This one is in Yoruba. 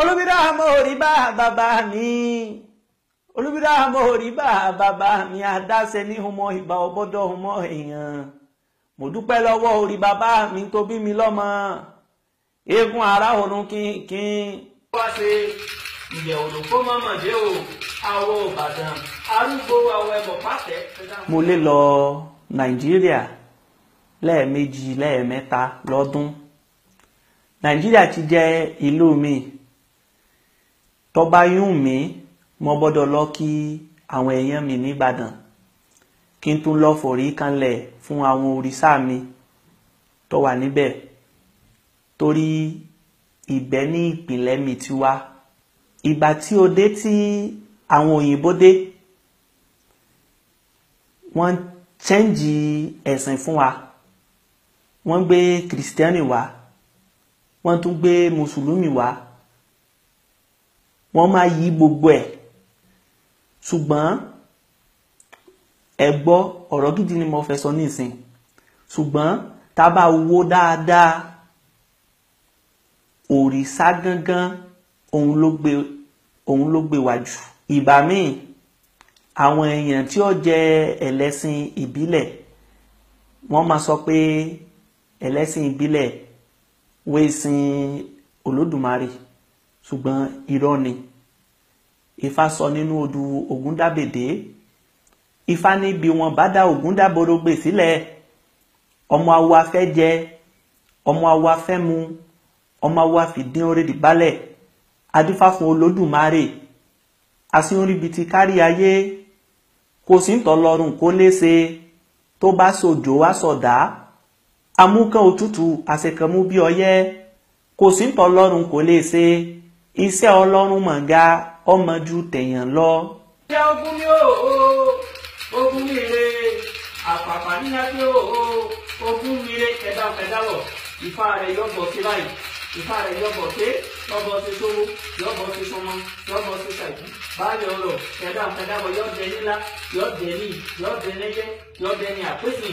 olúbírà mo rí bá bàbá mi olúbírà mo bá bàbá mi àdáṣe ní humọ ìbá ọbọdọ humọ èèyàn mo dúpẹ́ lọ́wọ́ orí bàbá mi tó bí mi lọ́mọ eégún ara òrun kínkín. wá ṣe ilẹ̀ òdòkó mọ́mọ́ dé o àwọ̀ ìbàdàn arúgbó àwọ̀ ẹ̀bọ̀ pàṣẹ. mo lè lọ nàìjíríà lẹ́ẹ̀mejì lẹ́ẹ̀mẹ́ta lọ́dún nàìjíríà ti jẹ́ ìlú mi tó bá yún mi mo gbọ́dọ̀ lọ kí àwọn èèyàn mi nìbàdàn kí n tún lọ forí kanlẹ̀ fún àwọn òrìṣà mi tó wà níbẹ̀ torí ibẹ̀ ní ìpìlẹ̀ mi ti wá ìgbà tí o dé tí àwọn òyìnbó dé wọ́n chẹ́ǹjì ẹ̀sìn fún wa wọ́n gbé kìrìsìtẹ́nì wá wọ́n tún gbé mùsùlùmí wá wọ́n máa yí gbogbo ẹ̀ ṣùgbọ́n ẹ gbọ́ ọ̀rọ̀ gidi ni mo fẹ́ sọ nísìn ṣùgbọ́n tá a bá wo dáadáa òrìṣà gangan òun ló gbé òun ló gbé wájú ìbá míì àwọn èèyàn tí ó jẹ ẹlẹ́sìn ìbílẹ̀ wọ́n máa sọ pé ẹlẹ́sìn ìbílẹ̀ wéèsìn Olódùmarè ṣùgbọ́n irọ́ ni Ifá sọ nínú odù Ògúndábèdé Ifá ní bí wọn bá dá Ògúndáborogbè sílẹ̀ ọmọ awo afẹ́ jẹ ọmọ awo afẹ́ mu ọmọ awo afìdín orí dìgbálẹ̀ adífá fún Olódùmarè asínrìbìtì kárí ayé kò sí ntọ́lọ́rùn kó léṣe tó bá sòjò wá sọ̀dá amúkan òtútù àṣekànmú bí ọyẹ́ kò sí ntọ́lọ́rùn kó léṣe iṣẹ́ ọlọ́run mọ̀gá ọmọdú tẹ̀yàn lọ. ṣé ogun ni o ogun mi re àpàpà níyà pé o ogun mi re ẹ̀dá ẹ̀dá wọ̀ ìfá rẹ̀ yọ̀bọ̀ sí báyìí ìfá rẹ̀ yọ̀bọ̀ sí yọ̀bọ̀ sí sówó yọ̀bọ̀ sí sọmọ yọ̀bọ̀ sí sàìkú báyọ̀ ọ̀rọ̀ ẹ̀dá ẹ̀dá wọ̀ yọ̀dẹ̀ nílá yọ̀dẹ̀ ní yọ̀dẹ̀ lẹ́yẹ yọ̀dẹ̀ ní àpèsè.